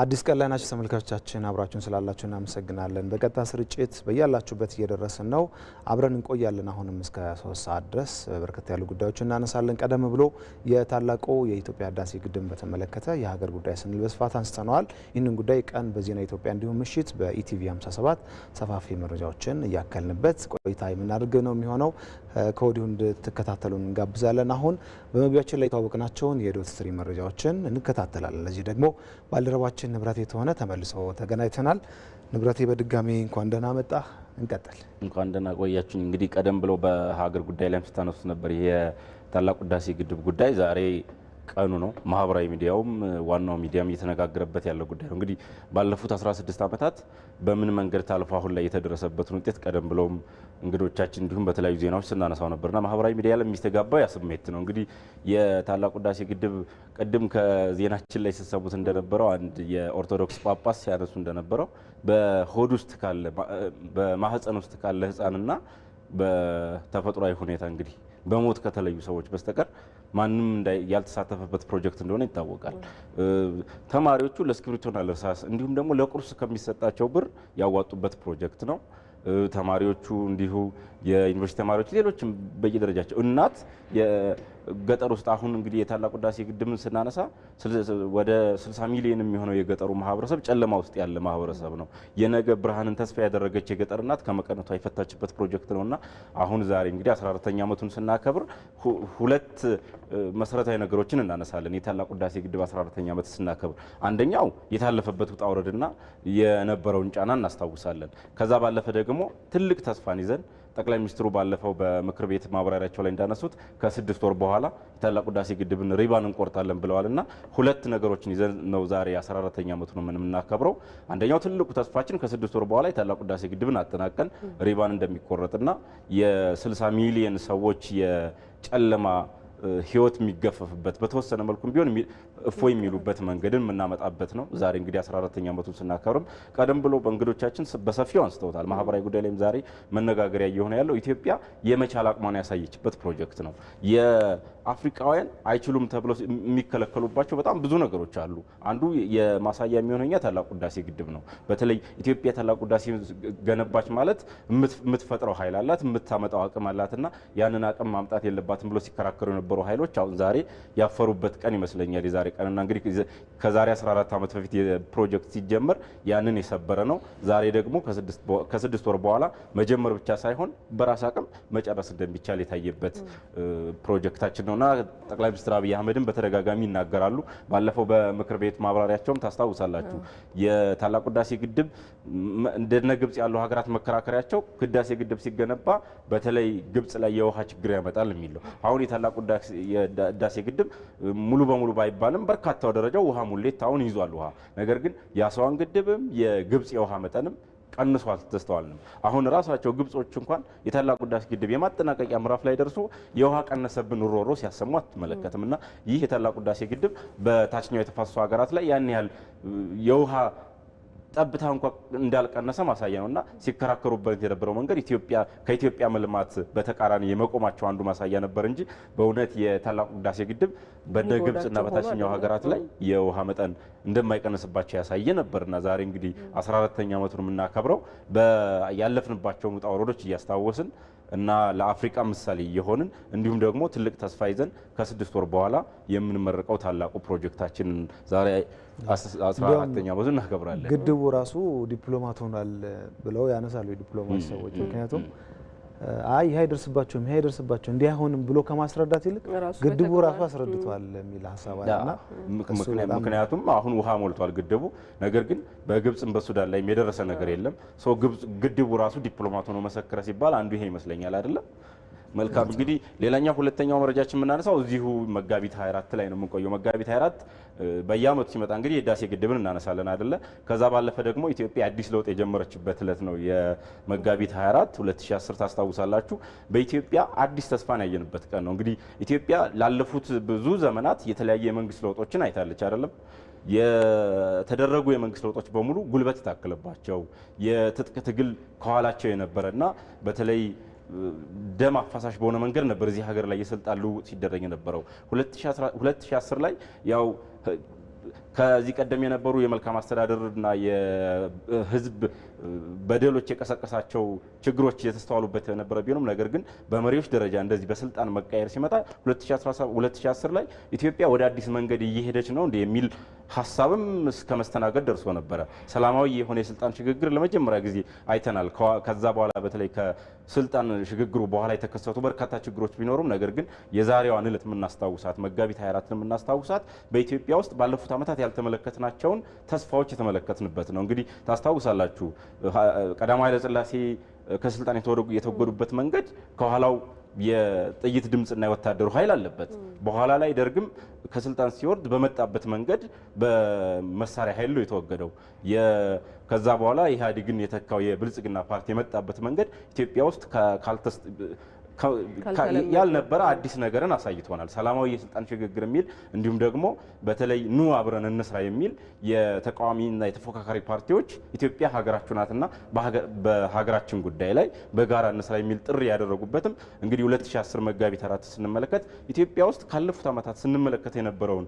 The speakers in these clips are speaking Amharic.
አዲስ ቀን ላይ ናችሁ ተመልካቾቻችን፣ አብራችሁን ስላላችሁ እናመሰግናለን። በቀጥታ ስርጭት በያላችሁበት እየደረስን ነው፣ አብረን እንቆያለን። አሁንም እስከ ሶስት ሰዓት ድረስ በርከት ያሉ ጉዳዮች እናነሳለን። ቀደም ብሎ የታላቁ የኢትዮጵያ ህዳሴ ግድብን በተመለከተ የሀገር ጉዳይ ስንል በስፋት አንስተነዋል። ይህንን ጉዳይ ቀን በዜና ኢትዮጵያ እንዲሁም ምሽት በኢቲቪ 57 ሰፋፊ መረጃዎችን እያከልንበት ቆይታ የምናደርገ ነው የሚሆነው። ከወዲሁ እንድትከታተሉን እንጋብዛለን። አሁን በመግቢያችን ላይ የተዋወቅናቸውን የዶት ስትሪም መረጃዎችን እንከታተላለን። ለዚህ ደግሞ ባልደረባችን የሁላችን ንብረት የተሆነ ተመልሶ ተገናኝተናል። ንብረቴ በድጋሚ እንኳን ደህና መጣ። እንቀጥል። እንኳን ደህና ቆያችን። እንግዲህ ቀደም ብሎ በሀገር ጉዳይ ላይ ስታነሱት ነበር። ይሄ የታላቁ ህዳሴ ግድብ ጉዳይ ዛሬ ቀኑ ነው። ማህበራዊ ሚዲያውም ዋናው ሚዲያም እየተነጋገረበት ያለው ጉዳይ ነው። እንግዲህ ባለፉት 16 ዓመታት በምን መንገድ ታልፎ አሁን ላይ የተደረሰበትን ውጤት ቀደም ብለውም እንግዶቻችን እንዲሁም በተለያዩ ዜናዎች ስናነሳው ነበርና ማህበራዊ ሚዲያ ለሚስተጋባው ያ ስሜት ነው። እንግዲህ የታላቁ ህዳሴ ግድብ ቅድም ከዜናችን ላይ ስትሰሙት እንደነበረው አንድ የኦርቶዶክስ ጳጳስ ሲያነሱ እንደነበረው በሆድ ውስጥ ካለ በማህፀን ውስጥ ካለ ህፃንና በተፈጥሯዊ ሁኔታ እንግዲህ በሞት ከተለዩ ሰዎች በስተቀር ማንም ያልተሳተፈበት ፕሮጀክት እንደሆነ ይታወቃል። ተማሪዎቹ ለእስክሪብቶና ለእርሳስ እንዲሁም ደግሞ ለቁርስ ከሚሰጣቸው ብር ያዋጡበት ፕሮጀክት ነው። ተማሪዎቹ እንዲሁ የዩኒቨርሲቲ ተማሪዎች፣ ሌሎችም በየደረጃቸው እናት ገጠር ውስጥ አሁን እንግዲህ የታላቁ ህዳሴ ግድብን ስናነሳ ወደ 60 ሚሊዮን የሚሆነው የገጠሩ ማህበረሰብ ጨለማ ውስጥ ያለ ማህበረሰብ ነው። የነገ ብርሃንን ተስፋ ያደረገች የገጠር እናት ከመቀነቷ የፈታችበት ፕሮጀክት ነውና አሁን ዛሬ እንግዲህ 14ኛ ዓመቱን ስናከብር ሁለት መሰረታዊ ነገሮችን እናነሳለን። የታላቁ ህዳሴ ግድብ 14ኛ ዓመት ስናከብር አንደኛው የታለፈበት ውጣ ውረድና የነበረውን ጫና እናስታውሳለን። ከዛ ባለፈ ደግሞ ትልቅ ተስፋን ይዘን ጠቅላይ ሚኒስትሩ ባለፈው በምክር ቤት ማብራሪያቸው ላይ እንዳነሱት ከስድስት ወር በኋላ የታላቁ ህዳሴ ግድብን ሪባን እንቆርጣለን ብለዋል እና ሁለት ነገሮችን ይዘን ነው ዛሬ አስራ አራተኛ ዓመቱን የምናከብረው። አንደኛው ትልቁ ተስፋችን ከስድስት ወር በኋላ የታላቁ ህዳሴ ግድብን አጠናቀን ሪባን እንደሚቆረጥና የ60 ሚሊየን ሰዎች የጨለማ ህይወት የሚገፈፍበት በተወሰነ መልኩም ቢሆን እፎ የሚሉበት መንገድን የምናመጣበት ነው። ዛሬ እንግዲህ 14ኛ ዓመቱን ስናከብርም ቀደም ብሎ በእንግዶቻችን በሰፊው አንስተውታል። ማህበራዊ ጉዳይ ላይም ዛሬ መነጋገሪያ እየሆነ ያለው ኢትዮጵያ የመቻል አቅሟን ያሳየችበት ፕሮጀክት ነው። አፍሪካውያን አይችሉም ተብሎ የሚከለከሉባቸው በጣም ብዙ ነገሮች አሉ። አንዱ የማሳያ የሚሆነኛ ታላቁ ህዳሴ ግድብ ነው። በተለይ ኢትዮጵያ ታላቁ ህዳሴ ገነባች ማለት የምትፈጥረው ኃይል አላት፣ የምታመጣው አቅም አላት ያንን አቅም ማምጣት የለባትም ብሎ ሲከራከሩ የነበሩ ኃይሎች አሁን ዛሬ ያፈሩበት ቀን ይመስለኛል የዛሬ ቀን እንግዲህ ከዛሬ 14 ዓመት በፊት ፕሮጀክት ሲጀመር ያንን የሰበረ ነው። ዛሬ ደግሞ ከስድስት ወር በኋላ መጀመር ብቻ ሳይሆን በራስ አቅም መጨረስ እንደሚቻል የታየበት ፕሮጀክታችን ነው። ነውና ጠቅላይ ሚኒስትር አብይ አህመድን በተደጋጋሚ ይናገራሉ። ባለፈው በምክር ቤት ማብራሪያቸውም ታስታውሳላችሁ። የታላቁ ህዳሴ ግድብ እንደነ ግብጽ ያሉ ሀገራት መከራከሪያቸው ህዳሴ ግድብ ሲገነባ በተለይ ግብጽ ላይ የውሃ ችግር ያመጣል የሚል ነው። አሁን የታላቁ ህዳሴ ግድብ ሙሉ በሙሉ ባይባልም በርካታው ደረጃው ውሃ ሙሌት አሁን ይዟል ውሃ ነገር ግን የአስዋን ግድብም የግብጽ የውሃ መጠንም ቀንሶ አልተስተዋልንም። አሁን ራሳቸው ግብጾች እንኳን የታላቁ ህዳሴ ግድብ የማጠናቀቂያ ምዕራፍ ላይ ደርሶ የውሃ ቀነሰብን ሮሮ ሲያሰሙ አትመለከትም እና ይህ የታላቁ ህዳሴ ግድብ በታችኛው የተፋሰሱ ሀገራት ላይ ያን ያህል የውሃ ጠብታ እንኳ እንዳልቀነሰ ማሳያ ነው እና ሲከራከሩበት የነበረው መንገድ ከኢትዮጵያ መልማት በተቃራኒ የመቆማቸው አንዱ ማሳያ ነበር እንጂ በእውነት የታላቁ ህዳሴ ግድብ በነ በታችኛው ሀገራት ላይ የውሃ መጠን እንደማይቀንስባቸው ያሳየ ነበር ዛሬ እንግዲህ 14ተኛ ዓመቱን የምናከብረው ያለፍንባቸውን ውጣ ውረዶች እያስታወስን እና ለአፍሪቃ ምሳሌ እየሆንን እንዲሁም ደግሞ ትልቅ ተስፋ ይዘን ከስድስት ወር በኋላ የምንመርቀው ታላቁ ፕሮጀክታችንን ዛሬ አስራ አራተኛ ዓመቱ እናከብራለን። ግድቡ ራሱ ዲፕሎማት ሆኗል ብለው ያነሳሉ የዲፕሎማት ሰዎች ምክንያቱም አይ ይህ አይደርስባቸውም ይህ አይደርስባቸውም እንዲህ አይሆንም ብሎ ከማስረዳት ይልቅ ግድቡ ራሱ አስረድቷል የሚል ሀሳብ አለና ምክንያቱም አሁን ውሃ ሞልቷል ግድቡ። ነገር ግን በግብፅም በሱዳን ላይም የደረሰ ነገር የለም። ግድቡ ራሱ ዲፕሎማት ሆኖ መሰከረ ሲባል አንዱ ይሄ ይመስለኛል አይደለም መልካም እንግዲህ ሌላኛው ሁለተኛው መረጃችን የምናነሳው እዚሁ መጋቢት 24 ላይ ነው የምንቆየው። መጋቢት 24 በየአመቱ ሲመጣ እንግዲህ የህዳሴ ግድብን እናነሳለን አይደለ? ከዛ ባለፈ ደግሞ ኢትዮጵያ አዲስ ለውጥ የጀመረችበት እለት ነው የመጋቢት 24 2010 ታስታውሳላችሁ። በኢትዮጵያ አዲስ ተስፋን ያየንበት ቀን ነው። እንግዲህ ኢትዮጵያ ላለፉት ብዙ ዘመናት የተለያየ የመንግስት ለውጦችን አይታለች አይደለም? የተደረጉ የመንግስት ለውጦች በሙሉ ጉልበት የታከለባቸው የትጥቅ ትግል ከኋላቸው የነበረ እና በተለይ ደም አፋሳሽ በሆነ መንገድ ነበር እዚህ ሀገር ላይ የስልጣን ልውውጥ ሲደረግ የነበረው 2010 ላይ ያው ከዚህ ቀደም የነበሩ የመልካም አስተዳደርና የህዝብ በደሎች የቀሰቀሳቸው ችግሮች የተስተዋሉበት የነበረ ቢሆንም ነገር ግን በመሪዎች ደረጃ እንደዚህ በስልጣን መቃየር ሲመጣ 2010 ላይ ኢትዮጵያ ወደ አዲስ መንገድ እየሄደች ነው እንደ የሚል ሀሳብም እስከ መስተናገድ ደርሶ ነበረ። ሰላማዊ የሆነ የስልጣን ሽግግር ለመጀመሪያ ጊዜ አይተናል። ከዛ በኋላ በተለይ ከስልጣን ሽግግሩ በኋላ የተከሰቱ በርካታ ችግሮች ቢኖሩም ነገር ግን የዛሬዋን እለት የምናስታውሳት መጋቢት 24 የምናስታውሳት በኢትዮጵያ ውስጥ ባለፉት ዓመታት ያልተመለከትናቸውን ተስፋዎች የተመለከትንበት ነው። እንግዲህ ታስታውሳላችሁ ቀዳማዊ ኃይለ ሥላሴ ከስልጣን የተወገዱበት መንገድ ከኋላው የጥይት ድምፅና የወታደሩ ኃይል አለበት። በኋላ ላይ ደርግም ከስልጣን ሲወርድ በመጣበት መንገድ በመሳሪያ ኃይል ነው የተወገደው። ከዛ በኋላ ኢህአዴግን የተካው የብልጽግና ፓርቲ የመጣበት መንገድ ኢትዮጵያ ውስጥ ያልነበረ አዲስ ነገርን አሳይቶናል። ሰላማዊ የስልጣን ሽግግር የሚል እንዲሁም ደግሞ በተለይ ኑ አብረን እንስራ የሚል የተቃዋሚና የተፎካካሪ ፓርቲዎች ኢትዮጵያ ሀገራችን ናትና በሀገራችን ጉዳይ ላይ በጋራ እንስራ የሚል ጥሪ ያደረጉበትም እንግዲህ 2010 መጋቢት አራት ስንመለከት ኢትዮጵያ ውስጥ ካለፉት ዓመታት ስንመለከት የነበረውን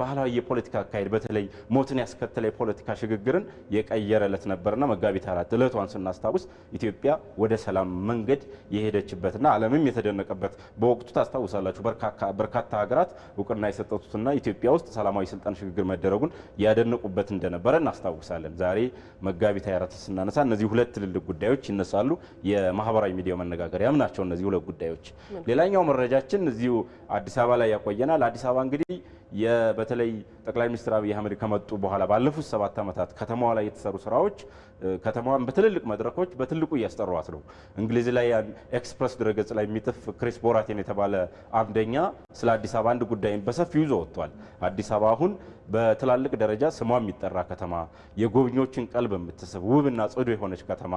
ባህላዊ የፖለቲካ አካሄድ በተለይ ሞትን ያስከተለ የፖለቲካ ሽግግርን የቀየረለት ነበርና መጋቢት አራት እለቷን ስናስታውስ ኢትዮጵያ ወደ ሰላም መንገድ የሄደችበትና ዓለምም የተደነቀበት በወቅቱ ታስታውሳላችሁ በርካታ ሀገራት እውቅና የሰጠቱትና ኢትዮጵያ ውስጥ ሰላማዊ ስልጣን ሽግግር መደረጉን ያደነቁበት እንደነበረ እናስታውሳለን። ዛሬ መጋቢት 24 ስናነሳ እነዚህ ሁለት ትልልቅ ጉዳዮች ይነሳሉ። የማህበራዊ ሚዲያ መነጋገሪያም ናቸው እነዚህ ሁለት ጉዳዮች። ሌላኛው መረጃችን እዚሁ አዲስ አበባ ላይ ያቆየናል። አዲስ አበባ እንግዲህ የበተለይ ጠቅላይ ሚኒስትር አብይ አህመድ ከመጡ በኋላ ባለፉት ሰባት ዓመታት ከተማዋ ላይ የተሰሩ ስራዎች ከተማዋን በትልልቅ መድረኮች በትልቁ እያስጠሯት ነው። እንግሊዝ ላይ ኤክስፕረስ ድረገጽ ላይ የሚጥፍ ክሪስ ቦራቴን የተባለ አምደኛ ስለ አዲስ አበባ አንድ ጉዳይን በሰፊው ይዞ ወጥቷል። አዲስ አበባ አሁን በትላልቅ ደረጃ ስሟ የሚጠራ ከተማ፣ የጎብኚዎችን ቀልብ የምትስብ ውብና ጽዱ የሆነች ከተማ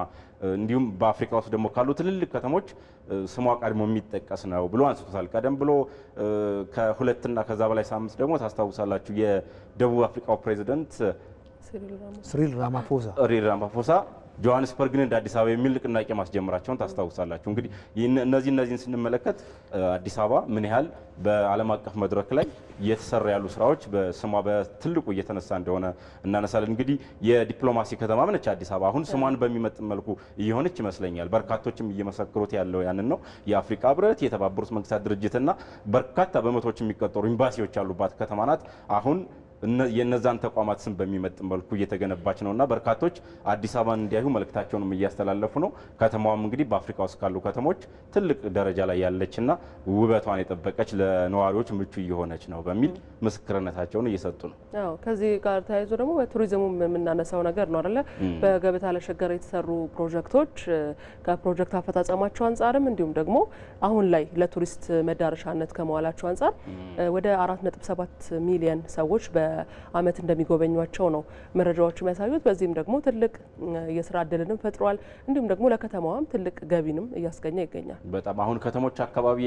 እንዲሁም በአፍሪካ ውስጥ ደግሞ ካሉ ትልልቅ ከተሞች ስሟ ቀድሞ የሚጠቀስ ነው ብሎ አንስቶታል። ቀደም ብሎ ከሁለትና ከዛ በላይ ሳምንት ደግሞ ታስታውሳላችሁ የደቡብ አፍሪካው ፕሬዚደንት ሲሪል ራማፎሳ ጆሀንስበርግን እንደ አዲስ አበባ የሚል ንቅናቄ ማስጀመራቸውን ታስታውሳላችሁ። እንግዲህ እነዚህ እነዚህን ስንመለከት አዲስ አበባ ምን ያህል በዓለም አቀፍ መድረክ ላይ እየተሰራ ያሉ ስራዎች በስሟ በትልቁ እየተነሳ እንደሆነ እናነሳለን። እንግዲህ የዲፕሎማሲ ከተማ ምነች አዲስ አበባ አሁን ስሟን በሚመጥን መልኩ እየሆነች ይመስለኛል። በርካቶችም እየመሰክሩት ያለው ያንን ነው። የአፍሪካ ህብረት፣ የተባበሩት መንግስታት ድርጅትና በርካታ በመቶዎች የሚቆጠሩ ኤምባሲዎች ያሉባት ከተማ ናት አሁን የእነዛን ተቋማት ስም በሚመጥን መልኩ እየተገነባች ነውና በርካቶች አዲስ አበባን እንዲያዩ መልእክታቸውንም እያስተላለፉ ነው። ከተማዋም እንግዲህ በአፍሪካ ውስጥ ካሉ ከተሞች ትልቅ ደረጃ ላይ ያለችና ውበቷን የጠበቀች ለነዋሪዎች ምቹ እየሆነች ነው በሚል ምስክርነታቸውን እየሰጡ ነው። አዎ ከዚህ ጋር ተያይዞ ደግሞ በቱሪዝሙ የምናነሳው ነገር ነው አይደለ? በገበታ ለሸገር የተሰሩ ፕሮጀክቶች ከፕሮጀክት አፈጻጸማቸው አንጻርም እንዲሁም ደግሞ አሁን ላይ ለቱሪስት መዳረሻነት ከመዋላቸው አንጻር ወደ 4.7 ሚሊየን ሰዎች በ በአመት እንደሚጎበኟቸው ነው መረጃዎቹ የሚያሳዩት። በዚህም ደግሞ ትልቅ የስራ እድልንም ፈጥሯል። እንዲሁም ደግሞ ለከተማዋም ትልቅ ገቢንም እያስገኘ ይገኛል። በጣም አሁን ከተሞች አካባቢ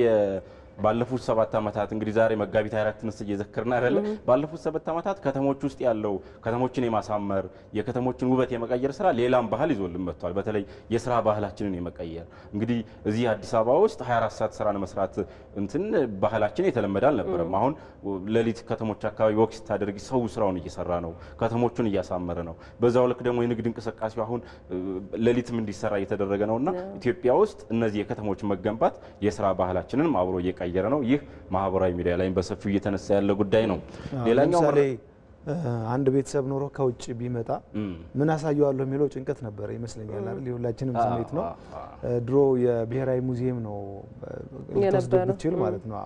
ባለፉት ሰባት ዓመታት እንግዲህ ዛሬ መጋቢት 24 ንስ እየዘከርን አይደለ? ባለፉት ሰባት ዓመታት ከተሞች ውስጥ ያለው ከተሞችን የማሳመር የከተሞችን ውበት የመቀየር ስራ ሌላም ባህል ይዞልን መጥቷል። በተለይ የስራ ባህላችንን የመቀየር እንግዲህ እዚህ አዲስ አበባ ውስጥ 24 ሰዓት ስራን መስራት እንትን ባህላችን የተለመደ አልነበረም። አሁን ሌሊት ከተሞች አካባቢ ወቅት ስታደርጊ ሰው ስራውን እየሰራ ነው፣ ከተሞቹን እያሳመረ ነው። በዛው ልክ ደግሞ የንግድ እንቅስቃሴው አሁን ሌሊትም እንዲሰራ እየተደረገ ነውና ኢትዮጵያ ውስጥ እነዚህ የከተሞች መገንባት የስራ ባህላችንን አብሮ እየቀ እየተቀየረ ነው። ይህ ማህበራዊ ሚዲያ ላይ በሰፊው እየተነሳ ያለ ጉዳይ ነው። ሌላኛው አንድ ቤተሰብ ኖሮ ከውጭ ቢመጣ ምን አሳየዋለሁ የሚለው ጭንቀት ነበረ ይመስለኛል። አይደል? የሁላችንም ስሜት ነው። ድሮ የብሔራዊ ሙዚየም ነው ልትወስደው ብትችል ማለት ነው።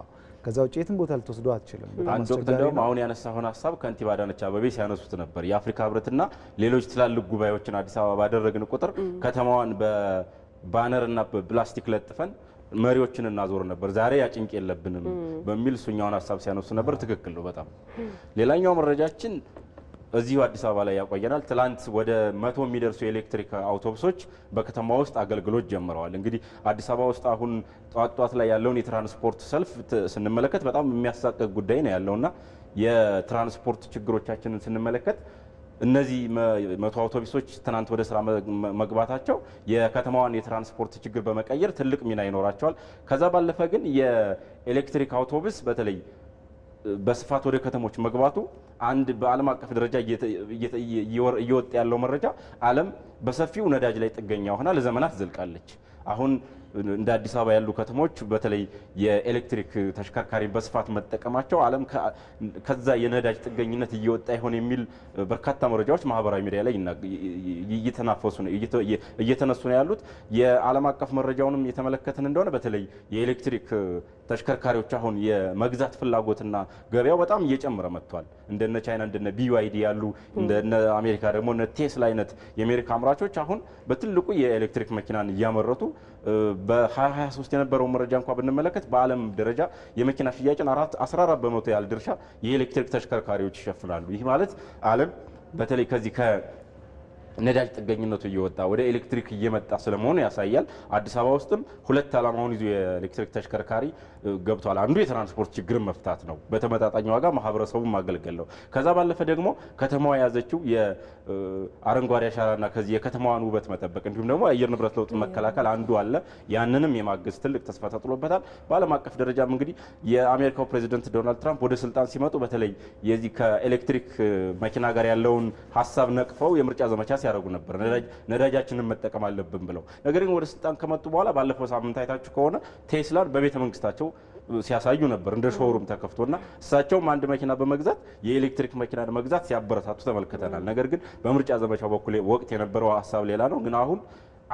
ከዛ ውጭ የትም ቦታ ልትወስደው አትችልም። አንድ ወቅት እንደውም አሁን ያነሳውን ሀሳብ ከንቲባ አዳነች አቤቤ ሲያነሱት ነበር። የአፍሪካ ህብረትና ሌሎች ትላልቅ ጉባኤዎችን አዲስ አበባ ባደረግን ቁጥር ከተማዋን በባነርና በፕላስቲክ ለጥፈን መሪዎችን እናዞር ነበር። ዛሬ ያጭንቅ የለብንም በሚል እሱኛውን ሀሳብ ሲያነሱ ነበር። ትክክል ነው በጣም ሌላኛው መረጃችን እዚሁ አዲስ አበባ ላይ ያቆየናል። ትላንት ወደ መቶ የሚደርሱ የኤሌክትሪክ አውቶቡሶች በከተማ ውስጥ አገልግሎት ጀምረዋል። እንግዲህ አዲስ አበባ ውስጥ አሁን ጧት ጧት ላይ ያለውን የትራንስፖርት ሰልፍ ስንመለከት በጣም የሚያሳቅቅ ጉዳይ ነው ያለውና የትራንስፖርት ችግሮቻችንን ስንመለከት እነዚህ መቶ አውቶቡሶች ትናንት ወደ ስራ መግባታቸው የከተማዋን የትራንስፖርት ችግር በመቀየር ትልቅ ሚና ይኖራቸዋል። ከዛ ባለፈ ግን የኤሌክትሪክ አውቶቡስ በተለይ በስፋት ወደ ከተሞች መግባቱ አንድ በዓለም አቀፍ ደረጃ እየወጣ ያለው መረጃ ዓለም በሰፊው ነዳጅ ላይ ጥገኛ ሆና ለዘመናት ዘልቃለች። አሁን እንደ አዲስ አበባ ያሉ ከተሞች በተለይ የኤሌክትሪክ ተሽከርካሪ በስፋት መጠቀማቸው ዓለም ከዛ የነዳጅ ጥገኝነት እየወጣ ይሆን የሚል በርካታ መረጃዎች ማህበራዊ ሚዲያ ላይ እየተናፈሱ ነው እየተነሱ ነው ያሉት። የዓለም አቀፍ መረጃውንም የተመለከትን እንደሆነ በተለይ የኤሌክትሪክ ተሽከርካሪዎች አሁን የመግዛት ፍላጎትና ገበያው በጣም እየጨመረ መጥቷል። እንደነ ቻይና እንደነ ቢዩአይዲ ያሉ እንደነ አሜሪካ ደግሞ እነ ቴስላ አይነት የአሜሪካ አምራቾች አሁን በትልቁ የኤሌክትሪክ መኪናን እያመረቱ በ2023 የነበረው መረጃ እንኳ ብንመለከት በዓለም ደረጃ የመኪና ሽያጭን 14 በመቶ ያህል ድርሻ የኤሌክትሪክ ተሽከርካሪዎች ይሸፍናሉ። ይህ ማለት ዓለም በተለይ ከዚህ ነዳጅ ጥገኝነቱ እየወጣ ወደ ኤሌክትሪክ እየመጣ ስለመሆኑ ያሳያል። አዲስ አበባ ውስጥም ሁለት ዓላማውን ይዞ የኤሌክትሪክ ተሽከርካሪ ገብቷል። አንዱ የትራንስፖርት ችግርን መፍታት ነው፣ በተመጣጣኝ ዋጋ ማህበረሰቡን ማገልገል ነው። ከዛ ባለፈ ደግሞ ከተማዋ የያዘችው የአረንጓዴ አሻራና ከዚህ የከተማዋን ውበት መጠበቅ እንዲሁም ደግሞ የአየር ንብረት ለውጥ መከላከል አንዱ አለ። ያንንም የማገዝ ትልቅ ተስፋ ተጥሎበታል። በዓለም አቀፍ ደረጃም እንግዲህ የአሜሪካው ፕሬዚደንት ዶናልድ ትራምፕ ወደ ስልጣን ሲመጡ በተለይ የዚህ ከኤሌክትሪክ መኪና ጋር ያለውን ሀሳብ ነቅፈው የምርጫ ዘመቻ ሲያደርጉ ነበር፣ ነዳጃችንን መጠቀም አለብን ብለው። ነገር ግን ወደ ስልጣን ከመጡ በኋላ ባለፈው ሳምንት አይታችሁ ከሆነ ቴስላን በቤተ መንግስታቸው ሲያሳዩ ነበር እንደ ሾሩም ተከፍቶና እሳቸውም አንድ መኪና በመግዛት የኤሌክትሪክ መኪና መግዛት ሲያበረታቱ ተመልክተናል። ነገር ግን በምርጫ ዘመቻው በኩል ወቅት የነበረው ሀሳብ ሌላ ነው። ግን አሁን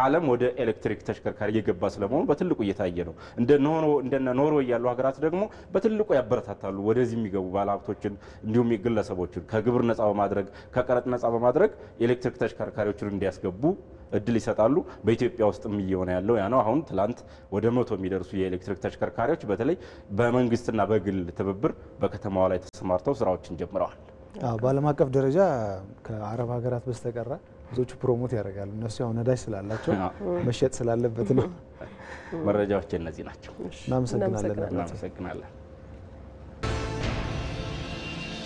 ዓለም ወደ ኤሌክትሪክ ተሽከርካሪ እየገባ ስለመሆኑ በትልቁ እየታየ ነው። እንደነ ኖርዌይ ያሉ ሀገራት ደግሞ በትልቁ ያበረታታሉ ወደዚህ የሚገቡ ባለሀብቶችን እንዲሁም ግለሰቦችን ከግብር ነፃ በማድረግ ከቀረጥ ነፃ በማድረግ ኤሌክትሪክ ተሽከርካሪዎችን እንዲያስገቡ እድል ይሰጣሉ። በኢትዮጵያ ውስጥም እየሆነ ያለው ያ ነው። አሁን ትላንት ወደ መቶ የሚደርሱ የኤሌክትሪክ ተሽከርካሪዎች በተለይ በመንግስትና በግል ትብብር በከተማዋ ላይ ተሰማርተው ስራዎችን ጀምረዋል። በዓለም አቀፍ ደረጃ ከአረብ ሀገራት በስተቀራ ብዙዎቹ ፕሮሞት ያደርጋሉ። እነሱ ያው ነዳጅ ስላላቸው መሸጥ ስላለበት ነው። መረጃዎች እነዚህ ናቸው። እናመሰግናለን።